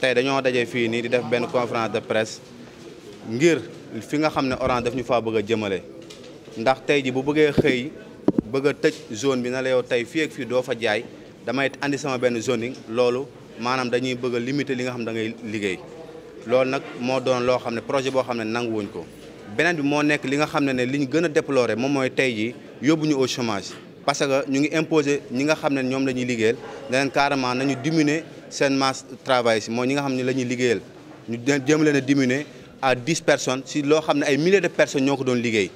tey dañoo daje fii nii di def benn conférence de presse ngir fi nga xam ne Orange daf ñu faa bëgg a jëmale ndax tey ji bu bëggee xëy bëgg a tëj zone bi na la yow tey fi ak fii doo fa jaay damay andi sama benn zoning loolu maanaam dañuy bëgg a li nga xam da ngay liggéey loolu nag moo doon loo xam ne projet boo xam ne nanguwuñ ko benen bi mo nek li nga xamné ne ne li ñu déplorer mom moy tay ji yóbbu ñu au chômage parce que ñu ngi imposer ñi nga xamné ñom lañuy la ñuy liggéeyal carrément nañu diminuer sen masse de travail si mooy ñi nga xamné lañuy la ñu jëm leen diminuer à 10 personnes si lo xamné ay milliers de personnes ñoko doon liggéey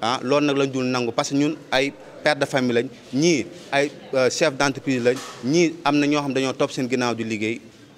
ah lool nak lañ dul nangu parce que ñun ay père de famille lañ ñi ay euh, chef d'entreprise lañ ñi amna ño xam dañoo top sen ginaaw du liggéey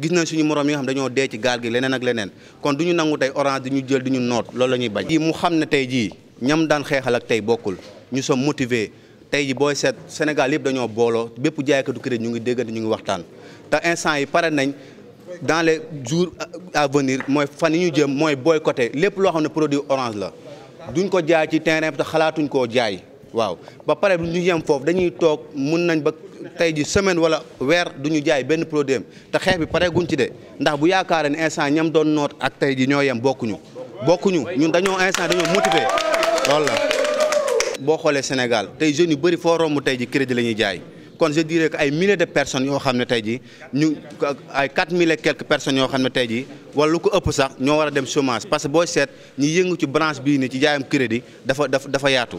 gis nañ suñu morom yi nga xam dañoo dee ci gaal gi leneen ak leneen kon du ñu nangu tey orange di ñu jël di ñu noot loolu la bañ. mu xam ne tey jii ñam daan xeexal ak tey bokkul ñu sommes motivés tey ji booy seet Sénégal yëpp dañoo booloo bépp jaaykatu crédit ñu ngi déggante ñu ngi waxtaan te instant yi pare nañ dans les jours à mooy fan yi ñu jëm mooy booy boycotté lépp loo xam ne produit orange la duñ ko jaay ci terrain bi xalaatuñ koo jaay waaw ba tey ji semaine wala weer du ñu jaay benn produit te xeex bi pare guñ ci de ndax bu yaakaaree ne instant ñam doon noot ak tey ji ñoo yem bokkuñu bokkuñu ñun dañoo instant dañoo motivé loolu boo xoolee Sénégal tey jeunes yu bëri foo romb tey ji crédit la ñuy jaay kon je dirais que ay milliers de personnes yoo xam ne tey ji ñu ay quatre mille quelque quelques personnes yoo xam ne tey ji wala lu ko ëpp sax ñoo war a dem chômage parce que booy seet ñi yëngu ci branche bii nii ci jaayam crédit dafa dafa dafa yaatu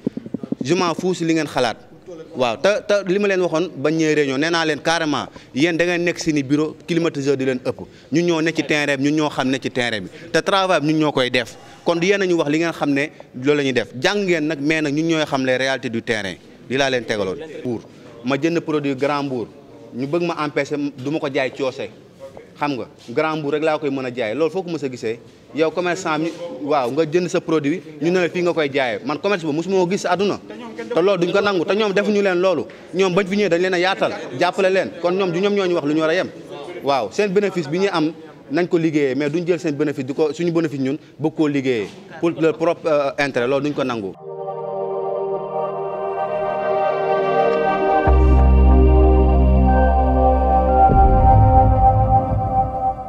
je m'en si li ngeen xalaat waaw te te li ma leen waxoon bañ ñëwee ñoo nee naa leen carrément yéen da ngeen nekk seeni bureau climatiseur di leen ëpp ñu ñoo ne ci terrain bi ñu ñoo xam ne ci terrain bi te travail bi ñun ñoo koy def kon yéen a ñu wax li ngeen xam ne loolu la ñuy def jàngeen ngeen nag mais nag ñun ñooy xam ne réalité du terrain di laa leen tegaloon. buur ma jënd produit grand bour ñu bëgg ma empêcher duma ko jaay coose xam nga grand bu rek laa koy mën a jaay loolu foo ko mos a gisee yow commerçant waaw nga jënd sa produit ñu ne fii nga koy jaay man commerce ba mosumoo gis aduna te loolu duñ ko nangu te ñoom defuñu leen loolu ñoom bañ fi ñëwee dañ leen yaatal jàppale leen kon ñoom du ñoom ñoo ñu wax lu ñu war a yem waaw seen bénéfice bi ñu am nañ ko liggéeyee mais duñ jël seen bénéfice di ko suñu bénéfice ñun bëgg koo pour leur propre euh, intérêt loolu duñ ko nangu.